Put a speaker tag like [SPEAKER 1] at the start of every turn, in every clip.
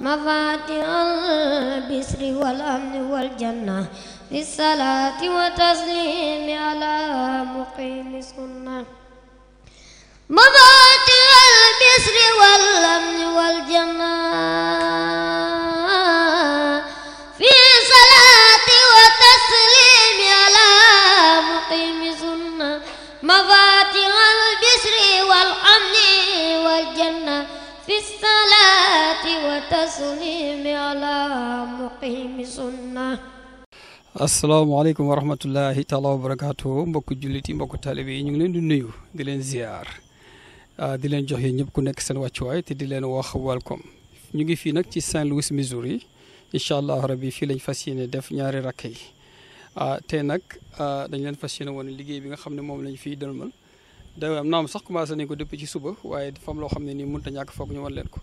[SPEAKER 1] مفاتح البسر والأمن والجنة في الصلاة وتسليم على مقيم سنة مفاتح البسر والأمن
[SPEAKER 2] والجنة
[SPEAKER 1] في الصلاة وتسليم على مقيم سنة
[SPEAKER 3] asalaamaaleykum wa mbokku jullit yi mbokku taalibe yi ñu ngi leen di nuyu di leen ziar di leen jox ñëpp ku nekk seen wàccuwaay te di leen wax welcome ñu ngi nag ci Saint Louis Missouri incha allah fii lañ fas yéene def ñaari rakk yi tey nag dañ leen fas woon liggéey bi nga xam ne moom lañ fiy dalmal dawam naam sax commencé nañ ko depuis ci suba waaye dafa am loo xam ne nii mun a ñàkk foog ñu wan leen ko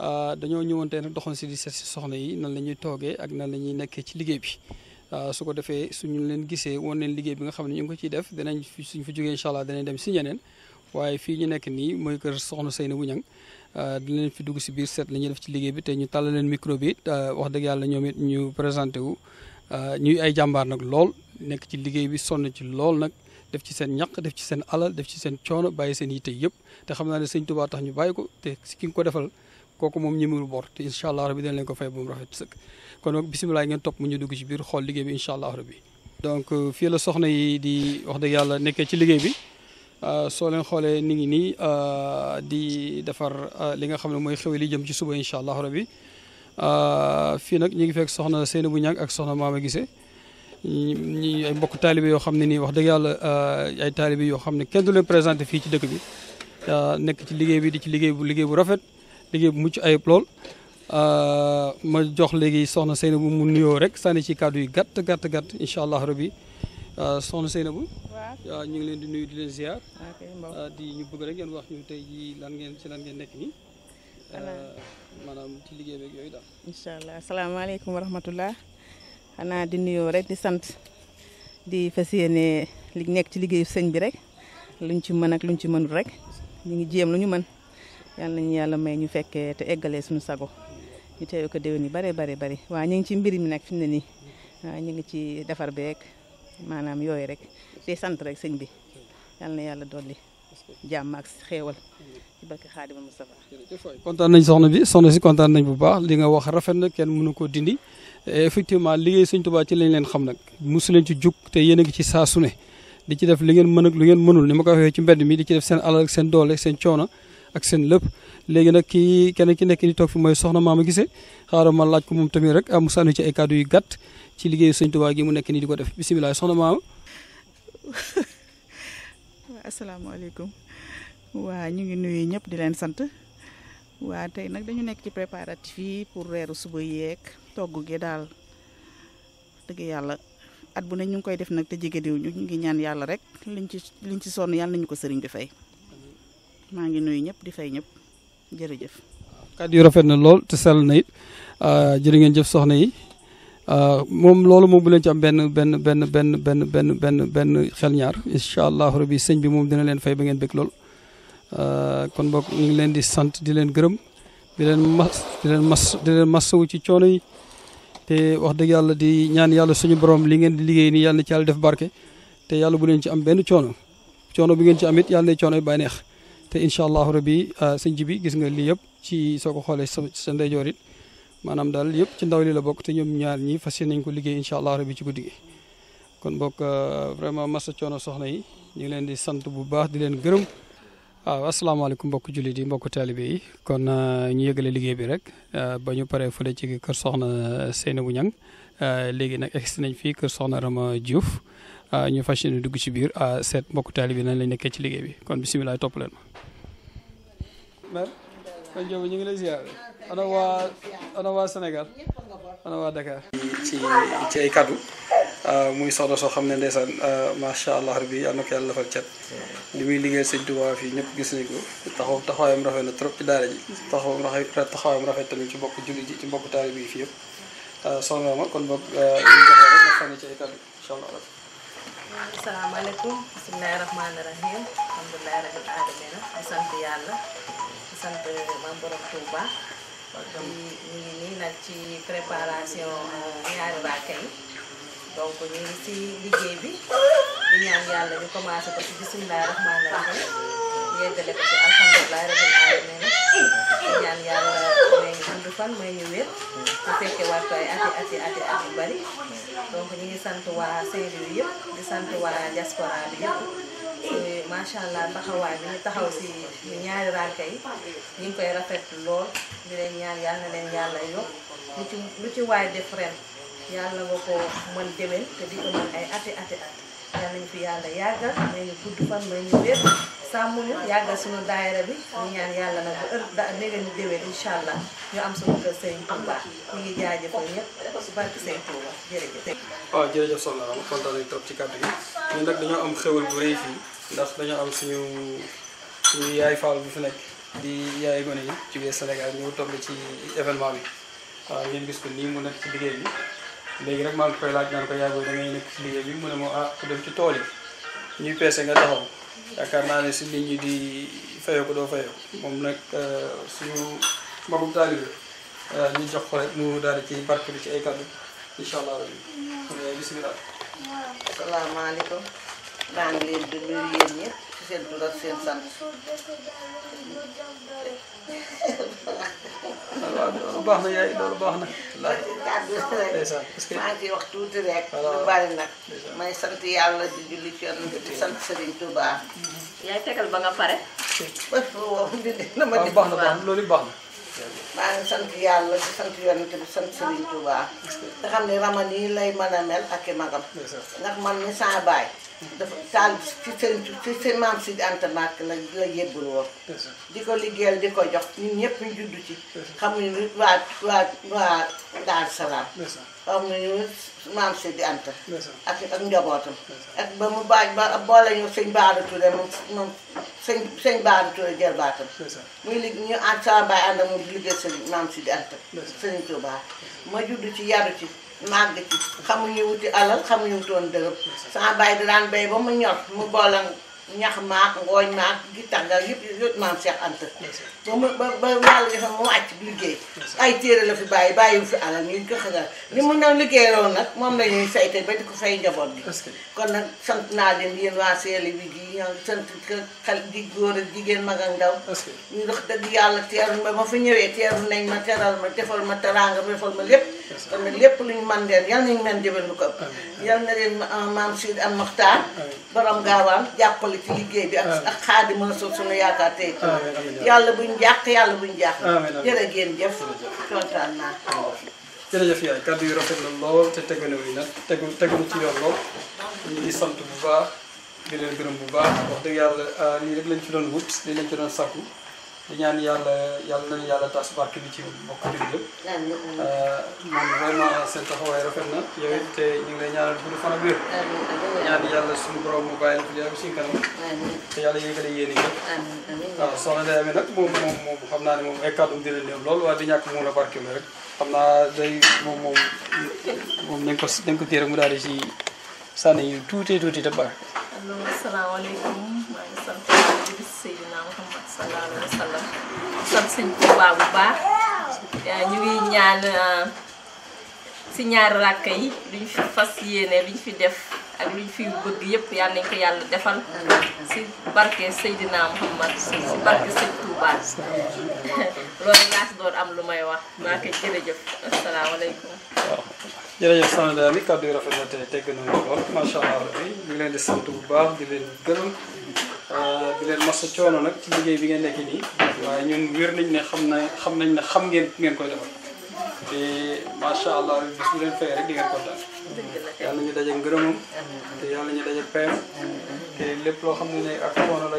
[SPEAKER 3] ah, dañoo ñëwantee nag doxoon si di seet si soxna yi nan la ñuy toogee ak nan la nekkee ci liggéey bi ah, su ko defee suñu leen gisee woon leen liggéey bi nga xam ne ñu ngi ko ciy def danañ suñ fa jógee incha allah dem si ñeneen waaye fii ñu nekk nii mooy kër soxna Seynabou Niang ah, dina leen fi dugg si biir seet la ñuy def ci liggéey bi te ñu tàllal leen micro bi wax dëgg yàlla ñoom it ñu présenté wu ñuy ay jàmbaar nag lool nekk ci liggéey bi sonn ci lool nag def ci seen ñaq def ci seen alal def ci seen coono bàyyi seen yitte yëpp te xam naa ne sëñ Tuubaa tax ñu bàyyi ko te ki nga ko defal kooku moom ñëmul boor te incha allah rabi dañ leen ko fay ba rafet sëkk kon donc bisimilah dugg ci biir xool liggéey bi incha allah rabi. donc euh, fii la soxna yi di wax dëgg yàlla nekkee ci liggéey bi euh, soo leen xoolee ni ngi nii euh, di defar li nga xam ne mooy xew li jëm ci suba incha allah rabi fii nag ñu ngi fekk soxna Seynabou Niang ak soxna Mama Guissé ñi ay mbokk taalibe yoo xam ne nii wax dëgg yàlla euh, ay taalibe yoo xam ne kenn du leen présenté fii ci dëkk bi euh, nekk ci liggéey bi di ci liggéey bu liggéey bu rafet liggéey bu mucc ayib lool. Euh, ma jox léegi soxna Seynabou mu nuyoo rek sànni ci kàddu yi gàtt gàtt gàtt incha allah rabbi soxna Seynabou. waaw ñu ngi leen di nuyu di leen ziar. di ñu bëgg rek ngeen wax ñu tey jii lan ngeen ci lan ngeen nekk nii. maanaam ci liggéey beeg yooyu daal.
[SPEAKER 4] incha allah asalaamaaleykum wa xanaa di nuyoo rek di sant di fas yéene li nekk ci liggéey sëñ bi rek luñ ci mën ak luñ ci mënul rek ñu ngi jéem lu ñu mën yàlla nañu yàlla may ñu fekkee te eggalee suñu sago ñu teew ko déwén yi bare bare bari waa ñu ngi ci mbir mi nag fi ne nii waa ñu ngi ci defar bi maanaam yooyu rek di sant rek sëñ bi yàlla na yàlla dolli jàmm ak xéewal barke Xaadima Moustapha kontaan nañ soxna bi soxna
[SPEAKER 3] si kontaan nañ bu baax li nga wax rafet nag kenn mënu koo dindi effectivement liggéey Sëñ Tuubaa ci lañ leen xam nag mosu ci jug te yéen a ci saa su ne di ci def li ngeen mën ak lu ngeen mënul ni ma ko waxee ci mbedd mi di ci def seen alal ak seen doole seen coono ak seen lépp léegi nag kii kenn ki nekk ni toog fi mooy soxna Maama Gisee xaaral ma laaj ko moom tamit rek am ah, sànni ci ay kàddu yu gàtt ci liggéeyu Sëñ Tuubaa gi mu nekk nii di ko def bisimilah soxna Maama.
[SPEAKER 5] asalaamaaleykum. waa ñu ngi nuyu ñëpp di leen sant waa tey nag dañu nekk ci préparatif yi pour reeru suba yeeg togg gi daal dëgg yàlla at bu ne ñu ngi koy def nag te jigéediw ñu ñu ngi ñaan yàlla rek liñ ci liñ ci sonn yàlla nañu ko sëriñ bi fay maa ngi nuyu ñëpp di fay ñëpp jërëjëf.
[SPEAKER 3] kàddu yu rafet na lool te sell na it ah, jërë ngeen jëf soxna yi. Ah, moom loolu moom bu leen ci am benn benn benn benn benn benn benn benn xel ñaar incha allah rabbi sëñ bi moom dina leen fay ba ngeen bëgg lool Euh, kon boog ñu ngi leen di sant di leen gërëm di leen mas di leen mas di leen masawu ci coono yi te wax dëgg yàlla di ñaan yàlla suñu borom li ngeen di liggéey ni yàlla na ci yàlla def barke te yàlla bu leen ci am benn coono coono bi ngeen ci am yàlla coono yi bàyyi neex te incha allahu rabi euh, sëñ ji bi gis nga lii yëpp ci soo ko xoolee sa sa ndeyjoor it maanaam daal yëpp ci ndaw li la bokk te ñoom ñaar ñi fas yéene nañ ko liggéey incha allah rabi ci guddi gi kon bokk euh, vraiment masa coono soxna yi ñu ngi leen di sant bu baax di leen gërëm waaw asalaamaaleykum mbokk jullit yi mbokk taalibe yi kon euh, ñu yëgale liggéey bi rek euh, ba ñu paree fële ci kër soxna Seynabou Niang euh, léegi nag egsi nañ fii kër soxna Rama Diouf ñu fas yéene dugg ci biir seet mbokk taalibe nag lañ nekkee ci liggéey bi kon bisimilah topp leen ma kon Diop ñu ngi lay ziar ana waa ana waa Dakar. ci ay kaddu. Euh, muy soxna soo xam ne ndeysaan euh, macha allah rabbi yal na yàlla defal cat li muy liggéey sëñ Tuubaa fii ñëpp gis nañ ko taxawaayam rafet na trop ci daara ji taxawaayam rafet tamit ci mbokk julli ji ci mbokk taari bi fii yëpp euh, soxna ma kon boog ñu
[SPEAKER 4] ngi nii nag ci préparation ñaari bàkke yi donc ñu ngi ci liggéey bi di ñaan yàlla ñu commencé ko ci bisimilah rahmaani rahiim yeggale ko si alhamdulilah rabbil alamin di ñaan ñu dund fan may ñu wér su ati ati ati at yu bari donc ñu ngi sant waa Saint-Louis yëpp di sant waa diaspora bi yëpp. macha allah taxawaay bi ñu taxaw si ñaari rànka yi ñu ngi koy rafet lool di leen ñaan yàlla na yàlla yokk lu ci lu ci waay def ren. yàlla nga ko man déwén te di ko mën ay ati ati at yàlla nañu fi yàlla yàggal may ñu gudd fan may ñu wér sàmmuñu yàggal suñu daayira bi ñu ñaan yàlla nag ba heure da allah ñu am suñu kër Sëriñ Touba ñu ngi jaajëfal ñëpp su barki Sëriñ Touba jërëjëf.
[SPEAKER 3] waaw ci kàddu yi ñun nag dañoo am xéwal bu rëy fii ndax dañoo am suñu suñu yaay Fall bu fi nekk di yaay gone yi ci biir Sénégal ñu toll ci événement bi waaw ngeen gis ko nii mu nekk ci liggéey bi léegi rek ma ngi koy laaj naan ko yaa booy da ngay nekk ci liggéey bi mu ne ma ah ku dem ci tool yi ñuy peese nga taxaw yaakaar naa ne si nit ñi di fayoo ko doo fayoo moom nag euh, suñu mbokku taalibe euh, ñu jox ko rek mu daal di ci barkelu ci ay kàddu incha allah rabbi bisimilah. waaw
[SPEAKER 5] asalaamaaleykum maa ngi leen di nuyu yéen ñëpp. seen tur ak seen sant.
[SPEAKER 3] waaw loolu baax na yaay loolu baax na.
[SPEAKER 5] ndeysaan maa ngi ciy wax tuuti rek. lu bari nag. may sant yàlla di julli ci yoon di sant Serigne Touba. yaay tegal ba nga pare. waaw baax na baax na loolu baax na. maa ngi sant yàlla di sant yonent bi sant Serigne Touba. nga xam ne rama nii lay mën a mel ak i magam. ndax man mi saa baay. dafa taal ci seen ci seen maam si Anta Mbakke la la yébbal woon. di ko liggéeyal di ko jox ñun ñëpp ñu judd ci. xamuñu lu waa waa waa Daaru Salaam. xamuñu maam si di Anta. ak ak njabootam. ak ba mu baaj ba boole ñu sëñ Baara Touré moom moom sëñ sëñ Baara Touré jëlbaatam. muy li ñu ànd sama baay ànd ak liggéey sëñ maam si di Anta. sëñ Tuubaa ma judd ci yaru ci. màgg ci xamuñu wuti alal xamuñu wutoon dërëm sama baay di daan béy ba mu ñor mu boolang ñax maak ngooñ maak gi tàngal yëpp yëpp maam Cheikh Anta ba mu ba ba yàlla defal mu wàcc bi liggéey ay téere la fi bàyyi bàyyiwu fi alal ñu ko ba ko fay njaboot bi kon nag sant naa leen yéen waa seeli bi gi ñoo sant xel di góor ak jigéen mag ak ndaw ñu dox dëgg yàlla teeru ma ma fi ñëwee teeru nañ ma teral ma defal ma teraanga defal ma lépp kon nag lu ñu man leen yal nañu mën ko yal na leen ah, maam Sidi am Maxtaar borom gaawaan jàppale jàppale ci liggéey bi ak ak xaadima suuf sunu yaakaar tey yàlla buñ jàq yàlla buñ jàq jërë ngeen jëf kontaan naa
[SPEAKER 3] jërëjëf yaay kàddu yu rafet la lool te tegu na wi nag tegu tegu ci yoon lool ñu ngi sant bu baax di leen gërëm bu baax wax dëgg yàlla ah, lii rek lañ ci doon wut lii lañ ci doon sakku di ñaan yàlla yàlla nañu yàlla tas barke bi ci mbokk bi yëpp. Euh, man vraiment seen taxawaay rafet na yow te ñu ngi lay ñaanal bu fan ak wér. ñaan yàlla suñu borom mu bàyyi la fi yàlla yàlla yëgale yéen ñëpp. waaw soxna Ndeye Amy nag moom xam naa ne moom ay kàddu dina néew lool waaye di ñàkk moom la barke bi rek. xam naa day moom moom moom nañ ko nañ ko kii rek mu daal di ci sànni yu tuuti tuuti te baax.
[SPEAKER 4] asalaamaaleykum. sallam sant sëñ bu baax ñu ngi ñaan si euh, ñaari ràkk yi luñ fi fas yéene luñ fi def ak luñ fi bëgg yëpp yal nañ ko yàlla defal si barke Seydina Muhammad si barke sëñ Tuubaa loolu laa doon am lu may wax maa koy jërëjëf asalaamaaleykum
[SPEAKER 3] waaw jërëjëf soxna Dali kàddu yi rafet na tegg nañu lool macha allah ñu ngi leen di sant bu baax di leen gërëm Euh, di leen mos coono nag ci liggéey bi ngeen nekk nii waaye ñun wér nañ ne xam na xam nañ ne xam ngeen ngeen koy defal te macha allah bis bu leen fay rek di ngeen kontaan yàlla ñu daje ngërëmam te yàlla ñu daje payam loo xam ne ne ak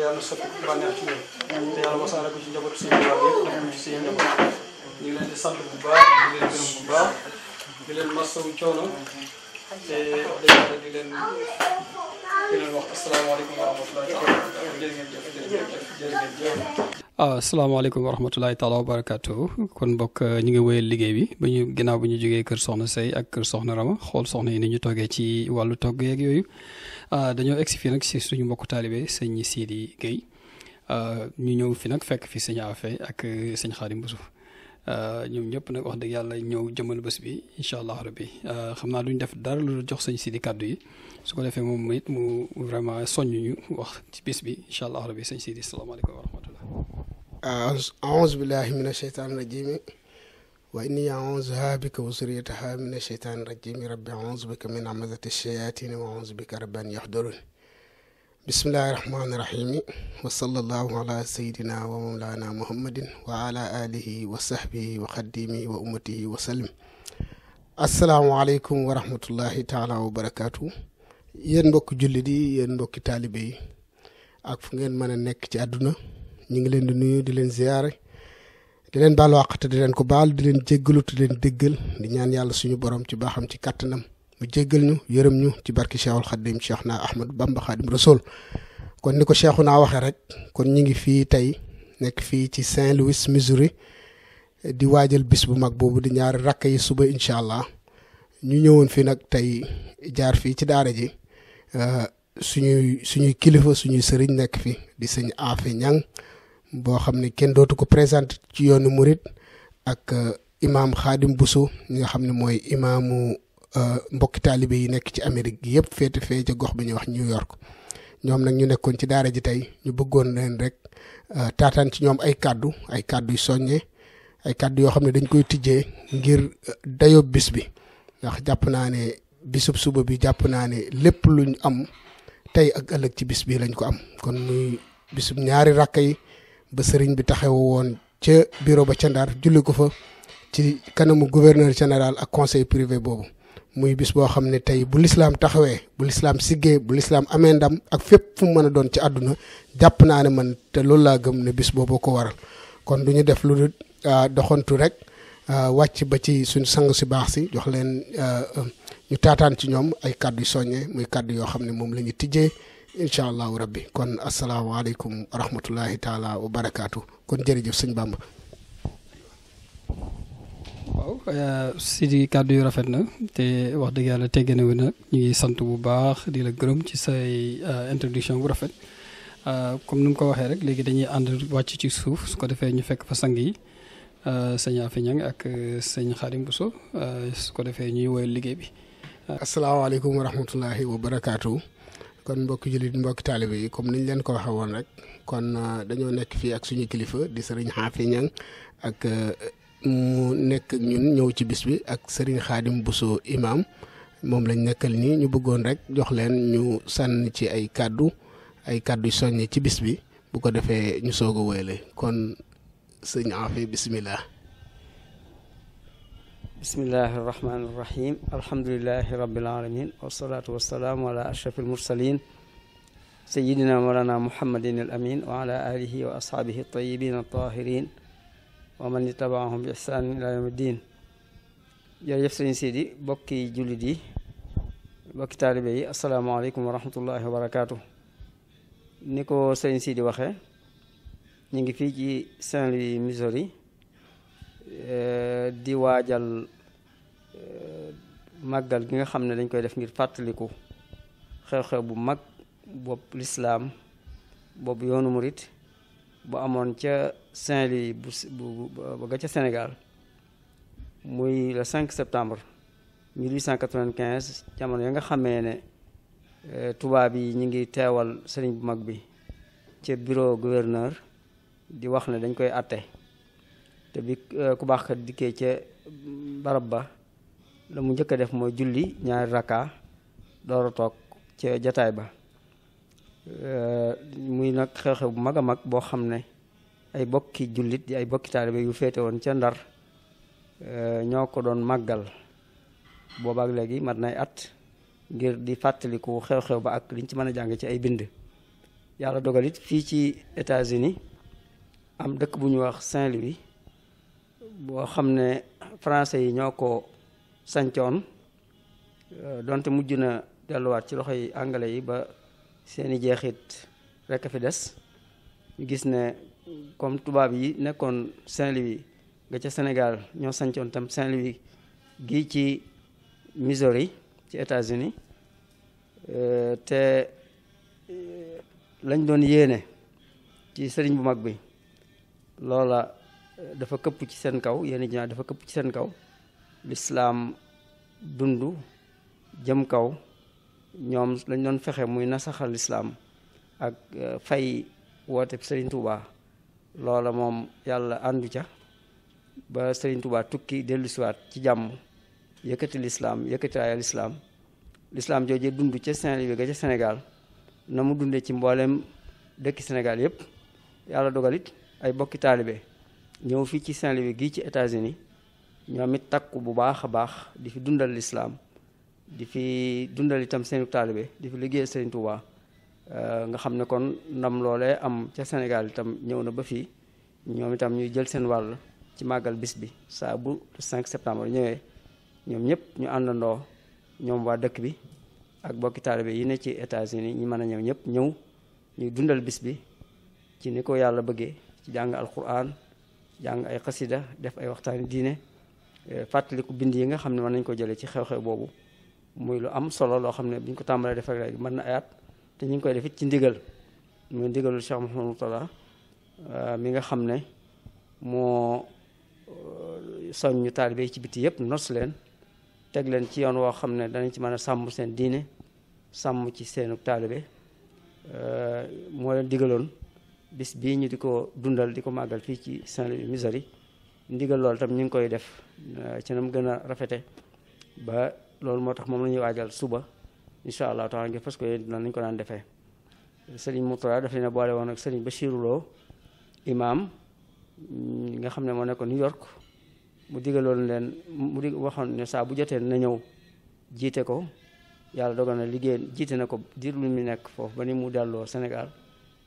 [SPEAKER 3] yàlla soppi bànneex ci ñoom si yàlla wasaare leen di sant bu baax di leen gërëm bu baax di leen masawu coono te wax dëgg yàlla leen di leen wax asalaamaaleykum wa rahmatulahi taala wa barakaatu kon mbokk ñu ngi wéyal liggéey bi ba ñu ginnaaw bu ñu jógee kër soxna Sey ak kër soxna Rama xool soxna yi ni ñu toggee ci wàllu togg yeeg yooyu ah, dañoo egsi fii nag si suñu mbokk taalibe sëñ Sidi Guèye ah, ñu ñëw fi nag fekk fi sëñ Afe ak sëñ Xaadim Busu Euh, ñoom ñëpp nag wax dëgg yàlla ñëw jëmal bés bi incha allah rabbi euh, xam naa duñ def dara lu jox sañ Sidi kàddu yi su ko defee moom it mu vraiment soññ ñu wax ci bés bi incha allah rabbi sëñ Sidi salaamaaleykum wa
[SPEAKER 2] a aouzu billahi mina sheytaani rajim wa inni auzuha bika wa suriyataha mina sheytaani rajim rabbi auzu bika min amazati shayatin wa auzu bika rabbi an yahdurun bismillahi rahmaani rahim wa sallallahu ala sayidina wa mawlana muhammadin wa ala alihi wa sahbihi wa xaddimihi wa ummatihi wa sallim asalaamualeykum wa rahmatullahi taala wa barakaatu yéen mbokki jullit yi yéen mbokki taalibe ak fu ngeen mën a nekk ci àdduna ñu ngi leen di nuyu di leen ziyaare di leen baal wàqte di leen ko baal di leen jéggalu di leen déggal di ñaan yàlla suñu borom ci baaxam ci kàttanam mu jéggal ñu yërëm ñu ci barki Cheikhul Khadim Cheikh naa Ahmad Bamba Khadim Rasoul kon ni ko Cheikhu naa waxee rek kon ñu ngi fii tey nekk fii ci Saint-Louis Missouri di waajal bis bu mag boobu di ñaari rakk yi suba incha allah ñu ñëwwoon fii nag tey jaar fii ci daare ji euh, suñuy suñuy kilifa suñuy sëriñ nekk fii di sëñ Afe Ñang boo xam ne kenn dootu ko présenté ci yoonu murit ak euh, imaam Khadim Bousso ñi nga xam ne mooy imaamu Euh, mbokki taalibe yi nekk ci Amérique gi yëpp féete fee gox bi ñuy wax New York ñoom nag ñu nekkoon ci daara ji tey ñu bëggoon leen rek euh, taataan ci ñoom ay kàddu ay kàddu yu soññee ay kàddu yoo xam ne dañ koy tijjee ngir euh, dayoo bis bi ndax jàpp naa ne bisub suba bi jàpp naa ne lépp luñ am tey ak ëllëg ci bis bi lañ ko am kon muy bisub ñaari rakk yi ba sëriñ bi taxawu woon ca bureau ba ca julli ko fa ci kanamu gouverneur général ak conseil privé boobu muy bis boo xam ne tey bu lislaam taxawee bu lislaam siggee bu lislaam amee ndam ak fépp fu mu mën a doon ci àdduna jàpp naa ne man te loolu laa gëm ne bis boobu ko waral kon du ñu def lu ah, doxantu rek ah, wàcc ba ci suñ sang si baax si jox leen ah, ñu taataan ci ñoom ay kàddu soññe muy kàddu yoo xam ne moom lañuy ñu tijjee incha allahu rabbi kon asalaamaaleykum wa rahmatullahi taala wa barakaatu kon jërëjëf sëñ Bamba
[SPEAKER 3] waaw euh, si di kàddu yu rafet na te wax dëgg yàlla teggane wu na ñu sant bu baax di la gërëm ci say euh, introduction bu rafet euh, comme nu mu ko waxee rek léegi dañuy ànd wàcc ci suuf su ko defee ñu fekk fa sang yi sëñ Afi Ñang ak sëñ
[SPEAKER 2] Xarim Bousso su ko defee ñuy woyal liggéey bi. asalaamaaleykum wa rahmatullahi wa barakaatu. kon mbokki jullit mbokki taalibe yi comme niñ leen ko waxee woon rek kon dañoo nekk fii ak suñu kilifa di sëriñ Xaafi Ñang ak. mu nekk ak ñun ñëw ci bis bi ak Serigne Khadim Bousso imam moom lañ nekkal nii ñu bëggoon rek jox leen ñu sànn ci ay kàddu ay kàddu soññe ci bis bi bu ko defee ñu soog a wéyale kon sëñ Afi bisimilah.
[SPEAKER 1] bismillahi irrahmani irrahim alhamdulilahi rabbil alamin wasalaatu wasalaamu ala ashrafil mursalin sayidina walana muhammadin al amin wa ala wa ashaabihi altayibin altahirin wa man ittabaahum bi ihsaan ilaa diin jërëjëf sëñ Sidi bokki jullit yi bokki taalibe yi asalaamaaleykum wa rahmatullahi wa ni ko sëñ Sidi waxee ñu ngi fii ci Saint-Louis Missouri di waajal màggal gi nga xam ne dañ koy def ngir fàttaliku xew-xew bu mag bopp lislaam bopp yoonu murit bu amoon ca Saint-Louis bu bu ga ca Sénégal muy le 5 septembre 1895 jamono ya nga xamee ne euh, tubaab yi ñu ngi teewal sëriñ bu mag bi ca bureau gouverneur di wax ne dañ koy atte te bi euh, ku baax ka dikkee ca barab ba la mu njëkk a def mooy julli ñaari rakka door toog ca jataay ba Eh, muy nag xew-xew bu mag a mag boo xam ne ay bokki jullit di ay bokki taalibe yu féete woon ca ndar eh, ñoo ko doon màggal boobaak léegi mat nay at ngir di fàttaliku xew-xew ba ak liñ ci mën a jàng ci ay bind yàlla dogal fii ci États-Unis am dëkk bu ñuy wax Saint-Louis boo xam ne français yi ñoo ko sancoon eh, donte mujj na delluwaat ci loxoy anglais yi ba seeni jeexit rek fi des ñu gis ne comme tubaab yi nekkoon Saint-Louis ga ca Sénégal ñoo sancoon tam Saint-Louis gi ci Missouri ci États-Unis euh, te euh, lañ doon yéene ci sëriñ bu mag bi loola euh, dafa këpp ci seen kaw yéene ji dafa këpp ci seen kaw lislaam dund jëm kaw ñoom lañ doon fexe muy nasaxal lislaam ak euh, fay woote Serigne Touba loola moom yàlla àndu ca ba Serigne Touba tukki dellusiwaat ci jàmm yëkkati lislaam yëkkati ay lislaam lislaam jooje dund ca Saint-Louis ga ca Sénégal na mu dundee ci mbooleem dëkki Sénégal yépp yàlla dogalit ay bokki taalibe ñëw fii ci Saint-Louis gii ci États-Unis ñoom it takku bu baax a baax di fi dundal lislaam di fi dundal itam seenu taalibe di fi liggéey Serigne Touba euh, nga xam ne kon ndam loole am ca Sénégal itam ñëw na ba fii ñoom itam ñuy jël seen wàll ci màggal bis bi saa bu 5 septembre ñëwee ñoom ñëpp ñu àndandoo ñoom waa dëkk bi ak bokki taalibe yi ne ci États-Unis ñi mën a ñëw ñëpp ñëw ñuy dundal bis bi ci ni ko yàlla bëggee ci jàng alquran jàng ay xasida def ay waxtaani diine euh, fàttaliku bind yi nga xam ne mën nañ ko jëlee ci xew-xew boobu muy lu am solo loo xam ne bu ñu ko tàmbalee defar rek léegi mën na ayaat te ñu ngi koy def ci ndigal muy ndigalul Cheikh Mouhamadou Mourtada euh, mi nga xam ne moo euh, soññu taalibe yi ci biti yëpp nos leen teg leen ci yoon woo xam ne danañ ci mën a sàmm seen diine sàmm ci seenu taalibe euh, moo leen digaloon bis bii ñu di ko dundal di ko màggal fii ci Saint-Louis Missouri ndigal loolu tam ñu ngi koy def ci nam gën a rafete ba loolu moo tax moom la ñuy waajal suba incha allah taala ngir parce que noonu lañu ko daan defee sëriñ Mourtada daf leen boole woon ak sëriñ Bachirou Lo imaam nga xam ne moo nekkoon New York mu digaloon leen mu dig waxoon ne saa bu jotee na ñëw jiite ko yàlla dogal na liggéey jiite na ko diir lu mu nekk foofu ba ni mu delloo Sénégal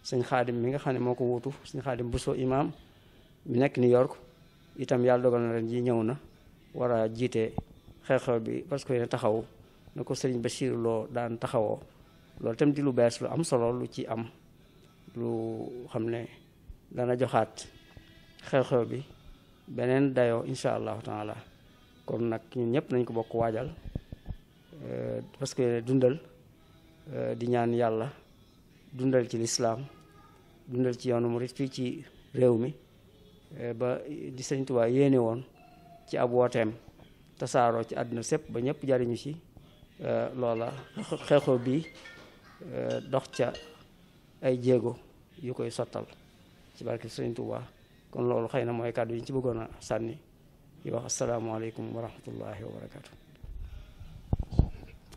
[SPEAKER 1] sëñ xaadim mi nga xam ne moo ko wuutu sëñ xaadim Bousso imaam mi nekk New York itam yàlla dogal na ren ji ñëw na war a jiite xew-xew bi parce que yéen taxaw ko sëriñ Bachir loo daan taxawoo loolu tam di lu bees lu am solo lu ci am lu xam ne dana joxaat xew-xew bi beneen dayoo incha allahu taala kon nag ñun ñëpp nañ ko bokk waajal eh, parce que dundal eh, di ñaan yàlla dundal ci lislaam dundal ci yoonu murit fii ci réew mi eh, ba di sëriñ Tuubaa yéene woon ci ab wooteem tasaaroo ci àdduna sépp ba ñëpp jariñu ci euh, loola xeexoo bi euh, dox ca ay jéego yu koy sottal ci barke Sëriñ kon loolu xëy na mooy kàddu yi ñu ci bëggoon a sànni di wax asalaamaaleykum wa rahmatullahi wa barakaatu.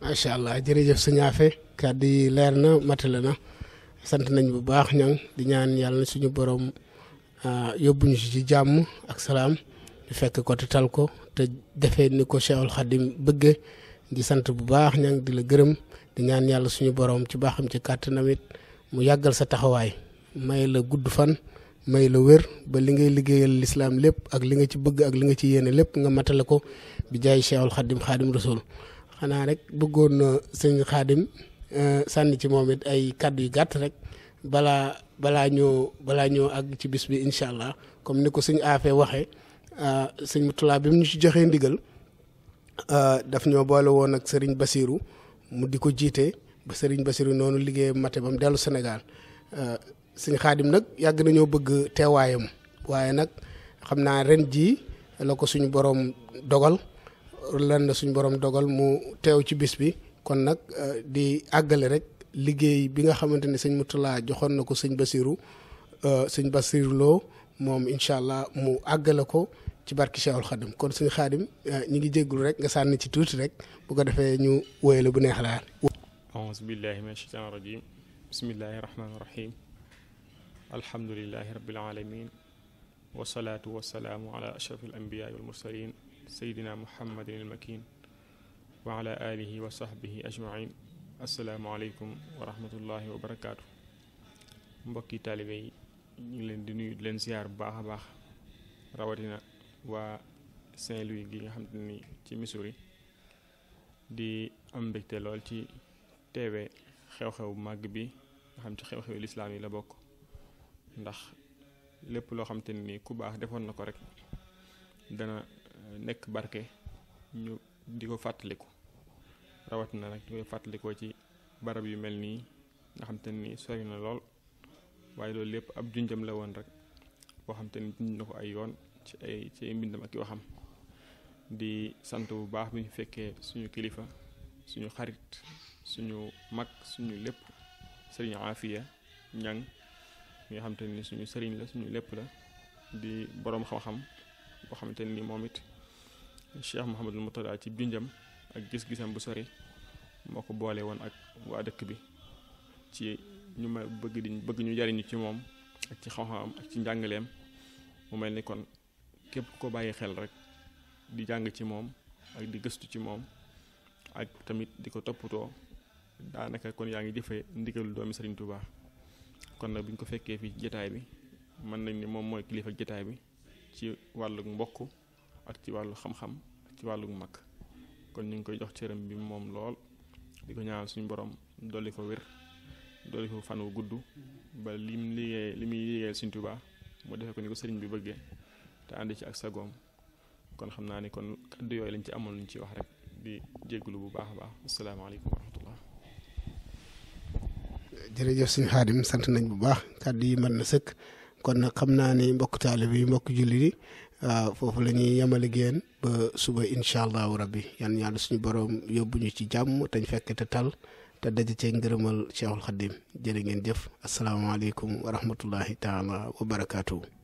[SPEAKER 2] macha allah jërëjëf sëñ Afe kàddu yi leer na matale na sant nañ bu baax ñang di ñaan yàlla suñu borom euh, yóbbuñu ci jàmm ak salaam di fekk ko te tal ko te defee ni ko Cheikhul Khadim bëgge di sant bu baax ña di la gërëm di ñaan yàlla suñu borom ci baaxam ci kàttanam it mu yàggal sa taxawaay may la gudd fan may la wér ba li ngay liggéeyal lislaam lépp ak li nga ci bëgg ak li nga ci yéene lépp nga matale ko bi jaay Cheikhul Khadim Khadim Rasul xanaa rek bëggoon na sëñ Khadim euh, sànni ci moom it ay kàddu yu gàtt rek balaa balaa ñëw balaa ñoo àgg ci bis bi incha allah comme ni ko sëñ Afe waxee. Euh, sëñ Moutalla bi mu ñu ci joxee ndigal euh, daf ñoo boole woon ak sëriñ Basirou mu di ko jiite ba sëriñ Basirou noonu liggéey mate mu dellu Sénégal euh, sëñ Xaadim nag yàgg nañoo bëgg teewaayam waaye nag xam naa ren ji la ko suñu borom dogal lan la suñu borom dogal mu teew ci bis bi kon nag di àggale rek liggéey bi nga xamante ne sëñ Moutalla joxoon na ko sëñ Basirou sëñ Basirou loo moom incha allah mu àggale ko. ci barki Cheikhul Khadim kon suñu Khadim euh, ñu ngi jéggul rek nga sànni ci tuuti rek bu ko defee ñu wóoye la bu neex laa
[SPEAKER 6] aouzu billahi min shaytaan rajim bismillahi rahmaani rahim alhamdulilahi rabbil alamin wasalaatu wasalaamu ala ashrafil anbiyaai wal mursalin sayidina muhammadin almakin wa ala alihi wa sahbihi ajmain asalaamualeykum wa rahmatullahi wa barakaatu mbokki taalibe yi ñu ngi leen di nuyu di leen ziyaar bu baax a baax rawatina waa Saint-Louis gi nga xam te ni ci Missouri di am mbégte lool ci teewe xew-xew màgg bi nga xam ci xew-xewi lislaam yi la bokk ndax lépp loo xam te ni ku baax defoon na ko rek dana euh, nekk barke ñu di ko fàttaliku rawat na nag di koy fàttalikoo ci barab yu mel nii nga xam te ni sori na lool waaye loolu lépp ab junjam la woon rek boo xam te ni junj na ko ay yoon ci ay ci ay mbindam ak yoo xam di sant bu baax bi ñu fekkee suñu kilifa suñu xarit suñu mag suñu lépp sëriñ Afiya ñang mi nga xamante ni suñu sëriñ la suñu lépp la di boroom xam-xam boo xamante ni moom it Cheikh Mouhamadul Moutada ci junjam ak gis-gisam bu sori moo ko boole woon ak waa dëkk bi ci ñu ma bëgg di bëgg ñu jariñu ci moom ak ci xam-xamam ak ci njàngaleem mu mel ni képp ko bàyyi xel rek di jàng ci moom ak di gëstu ci moom ak tamit di ko toppatoo daanaka kon yaa ngi jëfee ndigalul doomi Sëriñ Tuubaa kon nag bu ñu ko fekkee fii jataay bi mën nañ ni moom mooy kilifa jataay bi ci wàllug mbokk ak ci wàllu xam ci wàllug mag kon ñu ngi koy jox cëram bi moom lool di ko ñaanal suñu boroom dolli ko wér dolli ko fan gudd ba lim liggéey li muy liggéeyal Sëriñ Tuubaa mu defee ko ni ko sëriñ bi bëggee te ànd ci ak sagoom kon xam naa ni kon kàddu yooyu lañ ci amoon luñ ci wax rek di jégalu bu baax a baax asalaamaaleykum wa rahmatullah.
[SPEAKER 2] jërëjëf suñu xaadim sant nañ bu baax kàddu yi mën na sëkk kon nag xam naa ni mbokk taalibe yi mbokk jullit ah, foofu la ñuy yemale géen suba incha allahu rabbi yan yàlla suñu borom yóbbu ñu ci jàmm te ñu fekk te tal te daje cee
[SPEAKER 6] ngërëmal Cheikhul ngeen jëf asalaamaaleykum wa rahmatullahi taala wa barakaatu.